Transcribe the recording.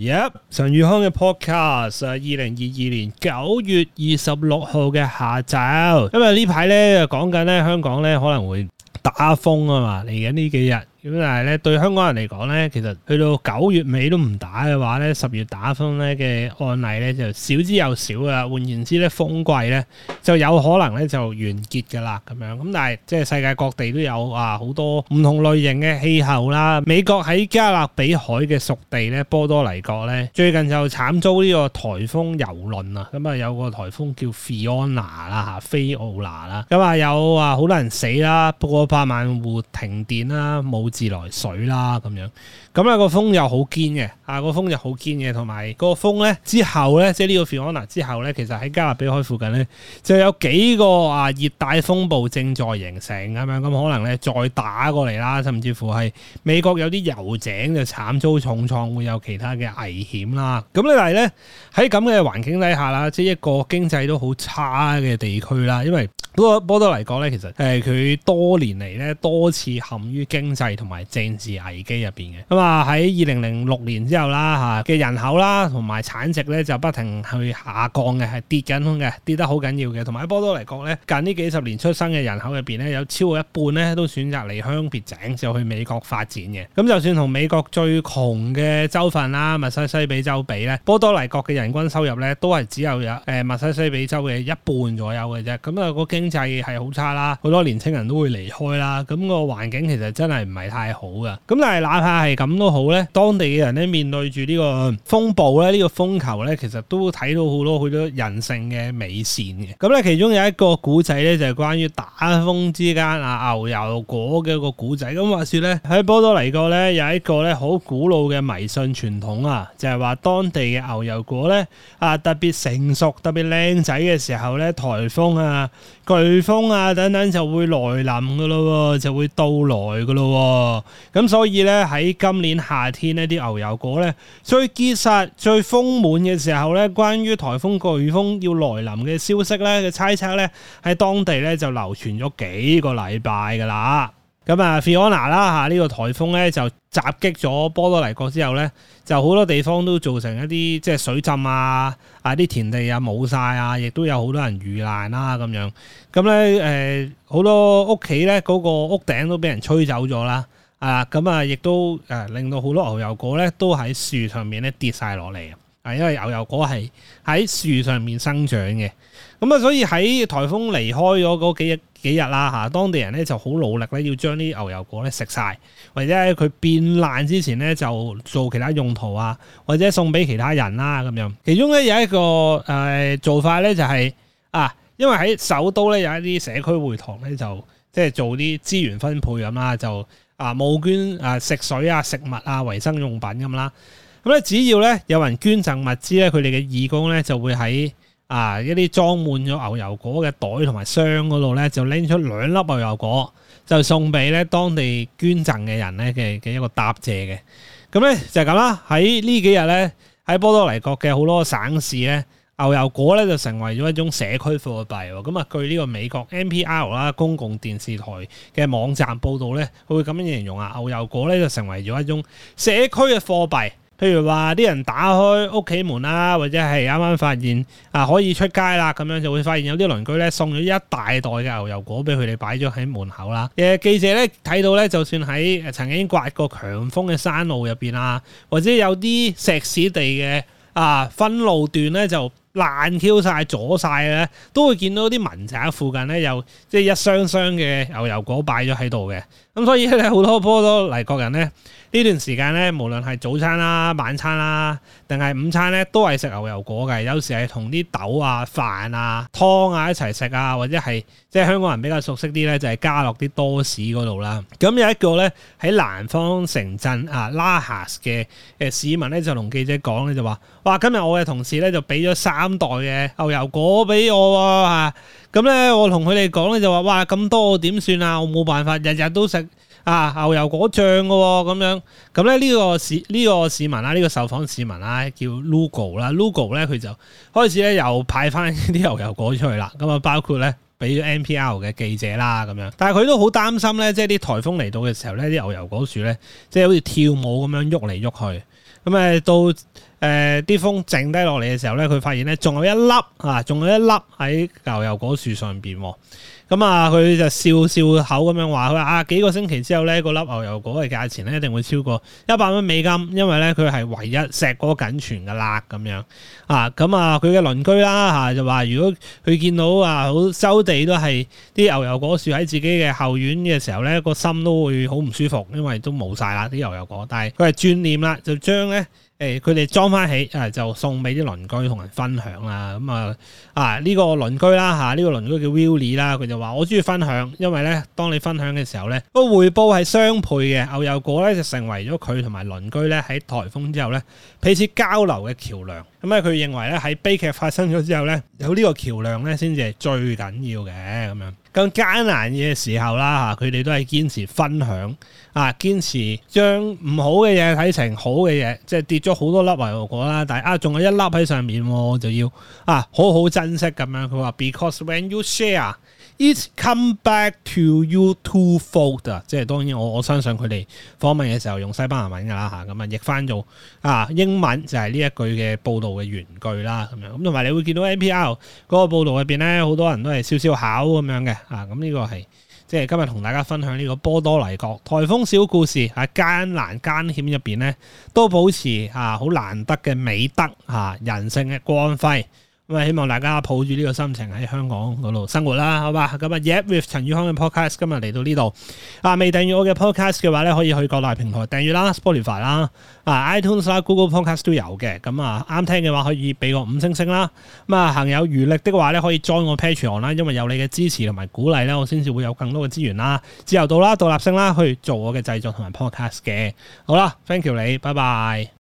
Yep，常宇康嘅 podcast，二零二二年九月二十六號嘅下晝，因為呢排咧就講緊咧香港咧可能會打風啊嘛，嚟緊呢幾日。咁但係咧對香港人嚟講咧，其實去到九月尾都唔打嘅話咧，十月打風咧嘅案例咧就少之又少啦。換言之咧，風季咧就有可能咧就完結㗎啦咁樣。咁但係即係世界各地都有啊，好多唔同類型嘅氣候啦。美國喺加勒比海嘅屬地咧，波多黎各咧最近就慘遭呢個颱風蹂躪啊！咁啊有個颱風叫 Fiona 啦、菲奧娜啦。咁啊有啊好多人死啦，不過百萬戶停電啦，冇、啊。自來水啦，咁樣咁啊、個風又好堅嘅，啊、個風又好堅嘅，同埋、個風咧之後咧，即係呢個菲奧娜之後咧，其實喺加勒比海附近咧就有幾個啊熱帶風暴正在形成咁樣，咁可能咧再打過嚟啦，甚至乎係美國有啲油井就慘遭重創，會有其他嘅危險啦。咁咧但係咧喺咁嘅環境底下啦，即係一個經濟都好差嘅地區啦，因為。波多黎各咧，其實誒佢多年嚟咧多次陷於經濟同埋政治危機入邊嘅。咁啊喺二零零六年之後啦，嚇嘅人口啦同埋產值咧就不停去下降嘅，係跌緊嘅，跌得好緊要嘅。同埋喺波多黎各咧近呢幾十年出生嘅人口入邊咧，有超過一半咧都選擇離鄉別井就去美國發展嘅。咁就算同美國最窮嘅州份啦，密西西比州比咧，波多黎各嘅人均收入咧都係只有有誒密西西比州嘅一半左右嘅啫。咁、那、啊個經制係好差啦，好多年輕人都會離開啦，咁個環境其實真係唔係太好噶。咁但係哪怕係咁都好咧，當地嘅人咧面對住呢個風暴咧，呢個風球咧，其實都睇到好多好多人性嘅美善嘅。咁咧，其中有一個古仔咧，就係關於打風之間啊牛油果嘅一個古仔。咁話說咧，喺波多黎各咧有一個咧好古老嘅迷信傳統啊，就係話當地嘅牛油果咧啊特別成熟、特別靚仔嘅時候咧，颱風啊颶風啊，等等就會來臨噶咯，就會到來噶咯。咁所以呢，喺今年夏天呢啲牛油果呢，最結實、最豐滿嘅時候呢，關於颱風、颶風要來臨嘅消息呢嘅猜測呢，喺當地呢就流傳咗幾個禮拜噶啦。咁啊，Fiona 啦嚇，這個、台呢個颱風咧就襲擊咗波多黎各之後咧，就好多地方都造成一啲即係水浸啊，啊啲田地啊冇晒啊，亦都有好多人遇難啦咁樣。咁咧誒，好多屋企咧嗰個屋頂都俾人吹走咗啦，啊咁啊，亦都誒、啊、令到好多牛油果咧都喺樹上面咧跌晒落嚟。因為牛油果係喺樹上面生長嘅，咁啊，所以喺台風離開咗嗰幾日幾日啦吓，當地人咧就好努力咧，要將啲牛油果咧食晒，或者喺佢變爛之前咧就做其他用途啊，或者送俾其他人啦咁樣。其中咧有一個誒、呃、做法咧就係、是、啊，因為喺首都咧有一啲社區會堂咧就即係做啲資源分配咁啦，就啊募捐啊食水啊食物啊衛生用品咁啦。咁咧，只要咧有人捐贈物資咧，佢哋嘅義工咧就會喺啊一啲裝滿咗牛油果嘅袋同埋箱嗰度咧，就拎出兩粒牛油果，就送俾咧當地捐贈嘅人咧嘅嘅一個答謝嘅。咁咧就係咁啦。喺呢幾日咧，喺波多黎各嘅好多省市咧，牛油果咧就成為咗一種社區貨幣。咁啊，據呢個美國 NPR 啦公共電視台嘅網站報道咧，佢會咁樣形容啊，牛油果咧就成為咗一種社區嘅貨幣。譬如話啲人打開屋企門啦，或者係啱啱發現啊、呃、可以出街啦，咁樣就會發現有啲鄰居咧送咗一大袋嘅牛油果俾佢哋擺咗喺門口啦。誒、呃、記者咧睇到咧，就算喺、呃、曾經刮過強風嘅山路入邊啊，或者有啲石屎地嘅啊、呃、分路段咧就。爛丟晒、阻晒咧，都會見到啲文仔附近咧，有即係一箱箱嘅、啊啊、牛油果擺咗喺度嘅。咁所以咧，好多波多黎各人咧呢段時間咧，無論係早餐啦、晚餐啦，定係午餐咧，都係食牛油果嘅。有時係同啲豆啊、飯啊、湯啊一齊食啊，或者係即係香港人比較熟悉啲咧，就係、是、加落啲多士嗰度啦。咁有一個咧喺南方城鎮啊拉哈斯嘅誒市民咧，就同記者講咧就話：哇！今日我嘅同事咧就俾咗三袋嘅牛油果俾我喎。吓咁咧我同佢哋講咧就話，哇，咁多點算啊，我冇辦法日日都食啊牛油果醬噶咁樣，咁咧呢個市呢、呢個市民啦、呢、呢個受訪市民啦、啊、叫 Lugo 啦、啊、，Lugo 咧佢就開始咧又派翻啲牛油果出去啦，咁啊包括咧俾咗 NPR 嘅記者啦咁樣，但係佢都好擔心咧，即係啲台風嚟到嘅時候咧，啲牛油果樹咧即係好似跳舞咁樣喐嚟喐去，咁、嗯、誒到。誒啲、呃、風靜低落嚟嘅時候咧，佢發現咧仲有一粒啊，仲有一粒喺牛油果樹上邊喎。咁啊，佢就笑笑口咁樣話佢啊，幾個星期之後咧，個粒牛油果嘅價錢咧一定會超過一百蚊美金，因為咧佢係唯一碩果僅存嘅啦咁樣啊。咁啊，佢、啊、嘅鄰居啦嚇、啊、就話，如果佢見到啊好收地都係啲牛油果樹喺自己嘅後院嘅時候咧，個心都會好唔舒服，因為都冇晒啦啲牛油果。但係佢係轉念啦，就將咧。誒佢哋裝翻起，誒、啊、就送俾啲鄰居同人分享啦。咁啊啊呢、呢個鄰居啦嚇，呢、啊呢個鄰居叫 Willie 啦、啊，佢就話：我中意分享，因為呢，當你分享嘅時候呢，個回報係雙倍嘅。牛油果呢，就成為咗佢同埋鄰居呢喺颱風之後呢，彼此交流嘅橋梁。咁啊！佢認為咧，喺悲劇發生咗之後咧，有呢個橋梁咧，先至係最緊要嘅咁樣。咁艱難嘅時候啦嚇，佢哋都係堅持分享啊，堅持將唔好嘅嘢睇成好嘅嘢，即係跌咗好多粒牛油果啦，但係啊，仲有一粒喺上面喎，我就要啊好好珍惜咁樣。佢話：Because when you share。It's come back to you twofold 啊！即係當然我，我我相信佢哋訪問嘅時候用西班牙文噶啦嚇，咁啊譯翻做啊英文就係呢一句嘅報導嘅原句啦咁樣。咁同埋你會見到 NPR 嗰個報導入邊咧，好多人都係笑笑考咁樣嘅啊！咁、啊、呢、這個係即係今日同大家分享呢個波多黎各颱風小故事啊，艱難艱險入邊咧都保持啊好難得嘅美德啊人性嘅光輝。咁希望大家抱住呢個心情喺香港嗰度生活啦，好吧？咁啊，Yep with 陳宇康嘅 podcast 今日嚟到呢度啊，未訂閱我嘅 podcast 嘅話咧，可以去各大平台訂閱啦，Spotify 啦，啊 iTunes 啦，Google Podcast 都有嘅。咁啊，啱聽嘅話可以俾個五星星啦。咁啊，行有餘力的話咧，可以 join 我 Patreon 啦，因為有你嘅支持同埋鼓勵咧，我先至會有更多嘅資源啦，自由度啦，獨立性啦，去做我嘅製作同埋 podcast 嘅。好啦，thank you 你，拜拜。